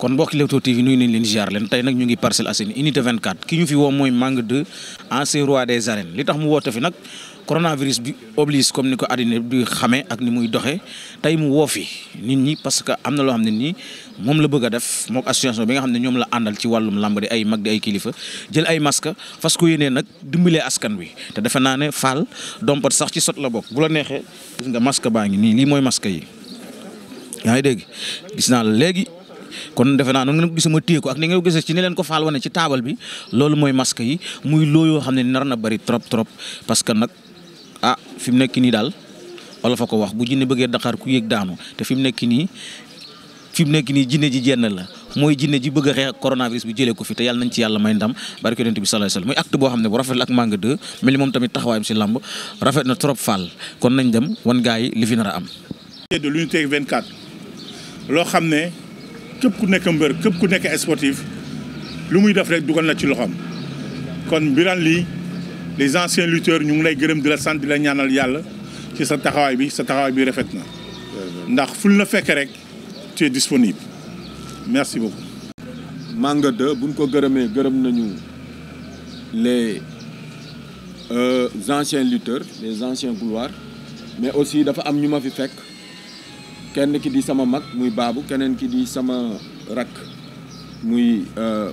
kon mbokki Leewtoo TV nuyu nañ leen ziar leen tey nag ñu ngi Parcelles Assainies unité 24 ki ñu fi woo mooy Manga 2 roi des arènes li tax mu woote fi nag coronavirus bi oblige comme ni ko àddina di xamee ak ni muy doxee tey mu woo fi nit ñi parce que am na loo xam ne nii moom la bëgg a def mook association bi nga xam ne ñoom la àndal ci wàllum làmb di ay mag di ay kilifa jël ay maska fas ko yéenee nag dimbalee askan wi te defe naa ne faal dompat sax ci sot la bokk bu la neexee gis nga masque baa ngi nii lii mooy masque yi yaa ngi dégg gis naa la léegi kon defe naa noonu ngeen ko gisee ma téye ko ak ni ngeen ko gisee ci ni ko faal wane ci taabal bi loolu mooy masque yi muy loo xam ne nar na bëri trop trop parce que nag ah fi mu nekk nii daal wala fa ko wax bu jinne bëggee Dakar ku yéeg daanu te fi mu nekk nii fi mu nekk nii jinne ji jenn la mooy jinne ji bëgg a xeex coronavirus bi jëlee ko fi te yàlla nañ ci yàlla may ndam barke yonent bi sallallahu alayhi wasallam muy acte boo xam ne bu la làmb rafet na trop faal kon nañ dem wan gaa yi li fi nar a am. loo xam ne képp ku nekk mbër képp ku nekk sportif lu muy def rek dugal na ci loxoom kon Birane lii les anciens lutteurs ñu ngi lay gërëm di la sant di la ñaanal yàlla ci sa taxawaay bi sa taxawaay bi rafet na ndax ful na fekk rek tu es disponible merci beaucoup. Manga 2 buñ ko gërëmee gërëm nañu les euh, anciens lutteurs les anciens gloires mais aussi dafa am ñu ma fi fekk. kenn ki di sama mag muy baabu keneen ki di sama rakk muy euh,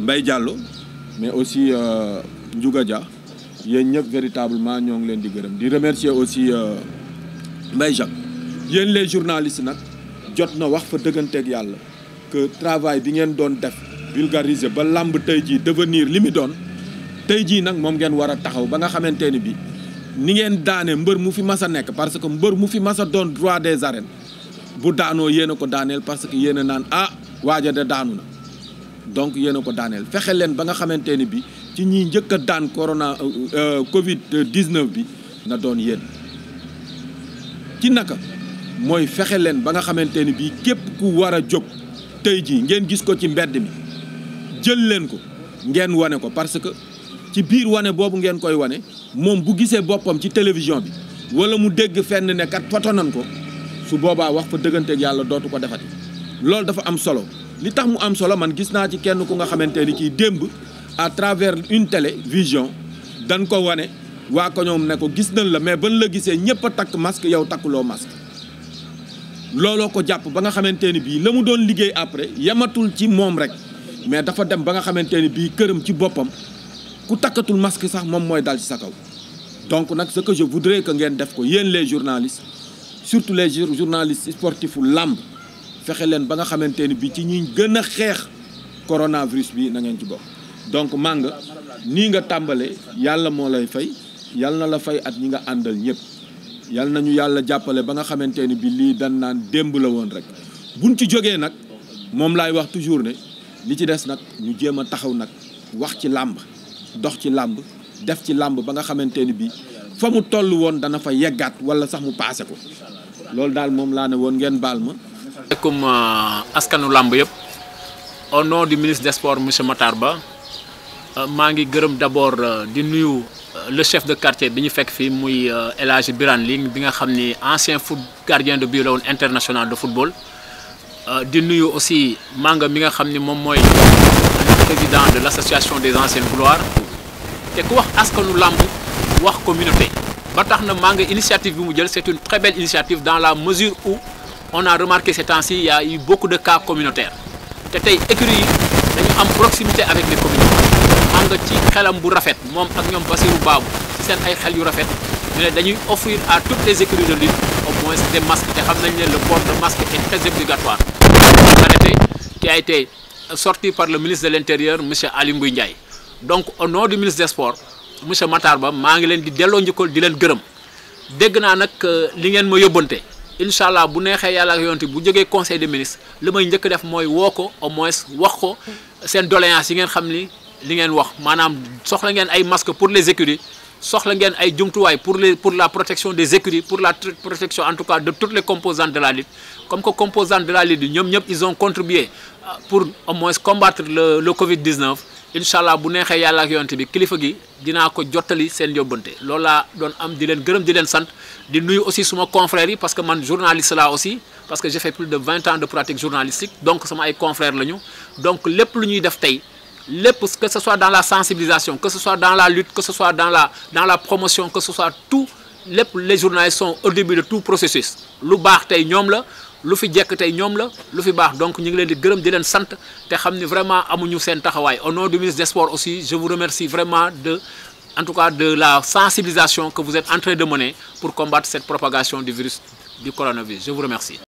Mbaye Diallo mais aussi euh, Ndiouga ja yéen ñëpp véritablement ñoo ngi leen di gërëm di remercier aussi euh, Mbaye Jacques yéen les journalistes nag jot na wax fa dëgganteek yàlla que travail bi ngeen doon def vulgariser ba làmb tey jii devenir li mu doon tey jii nag moom ngeen war a taxaw ba nga xamante ni bi ni ngeen daane mbër mu fi mas a nekk parce que mbër mu fi masa a doon roi des arènes bu daanoo yéen ko daaneel parce que yéen a naan ah waaja de daanu na donc yéen ko daaneel fexe leen ba nga xamante ni bi ci ñiy njëkk a daan corona euh, euh, Covid 19 bi na doon yéen ci naka mooy fexe leen ba nga xamante ni bii képp ku war a jóg tey jii ngeen gis ko ci mbedd mi jël leen ko ngeen wane ko parce que ci biir wane boobu ngeen koy wane moom bu gisee boppam ci télévision bi wala mu dégg fenn ne kat foto nan ko su boobaa wax fa dëgganteeg yàlla dootu ko defati loolu dafa am solo li tax mu am solo man gis naa ci kenn ku nga xamante ni ciy démb à travers une télévision dan ko wane waa ko ñoom ne ko gis nañ la mais ban la gisee ñëpp a takk masque yow takkuloo masque looloo ko jàpp ba nga xamante ni bii la mu doon liggéey après yamatul ci moom rek mais dafa dem ba nga xamante ni bii këram ci boppam ku takkatul masque sax moom mooy dal ci sa kaw donc nag ce que je voudrais que ngeen def ko yéen les journalistes surtout les journalistes sportifs u làmb fexe leen ba nga xamante ni bi ci ñuy gën a xeex coronavirus bi na ngeen ci bokk donc màng nii nga tàmbale yàlla moo lay fay yàlla na la fay at ñi nga àndal ñëpp yàlla nañu yàlla jàppale ba nga xamante ni bi lii dan naan démb la woon rek buñ ci jógee nag moom laay wax toujours ne li ci des nag ñu jéem a taxaw nag wax ci làmb dox ci làmb def ci làmb ba nga xamante ni bii fa mu toll woon dana fa yeggaat wala sax mu paase ko loolu daal moom laa ne woon ngeen baal ma. asalaamaaleykum euh, askanu làmb yëpp au nom du ministre de sports monsieur Matar Ba euh, maa ngi gërëm d'abord euh, di nuyu le chef de quartier bi ñu fekk fii muy El Hadji Birane bi nga xam ni ancien foot gardien de but la woon international de football di nuyu aussi Manga mi nga xam ni moom mooy. président de l'association des anciennes gloires te ku wax askanu làmb wax communauté ba tax na maa nga initiative bi mu jël c'est une très belle initiative dans la mesure où on a remarqué ces temps-ci il a eu de cas communautaires te tey écuries yi dañu am proximité avec les communautés am ci xelam bu rafet moom ak ñoom Basirou Babou ci seen ay xel yu rafet ñu ne dañuy offrir à toutes les écuries de lutte au moins des masques te xam nañ ne le port de masque est sortie par le ministre de l'Intérieur monsieur Ali Ngouille Ndiaye donc au nom du ministre des Sports monsieur Matar Ba maa ngi leen di delloo njëkkal di leen gërëm dégg naa nag euh, li ngeen ma yóbbante incha allah bu neexee yàlla ak yonti bu jógee conseil des ministres li may njëkk def mooy woo ko au moins wax ko seen doléance yi ngeen xam ni li ngeen wax maanaam soxla ngeen ay masques pour les écuries soxla ngeen ay jumtuwaay pour les pour la protection des écuries pour la protection en tout cas de toutes les composantes de la lutte comme que composantes de la lutte ñoom ñëpp ils ont contribué euh, pour au moins combattre le Covid 19. incha allah bu neexee yàlla ak yonte bi kilifa gi dinaa ko jottali seen yóbbante loolu laa doon am di leen gërëm di leen sant di nuy aussi suma confrères yi parce que man journaliste laa aussi parce que j'ai fait plus de vingt ans de pratique journalistique donc sama ay lépp lu ñuy def tey. lépp que ce soit dans la sensibilisation que ce soit dans la lutte que ce soit dans la dans la promotion que ce soit tout lépp les journalistes sont au début de tout processus lu baax tey ñoom la lu fi jekk tey ñoom la lu fi baax donc ñu ngi leen di gërëm di leen sant te xam ni vraiment amuñu seen taxawaay au non du ministre des aussi je vous remercie vraiment de en tout cas de la sensibilisation que vous êtes en train de mener pour combattre cette propagation d virus du coronavirus je vous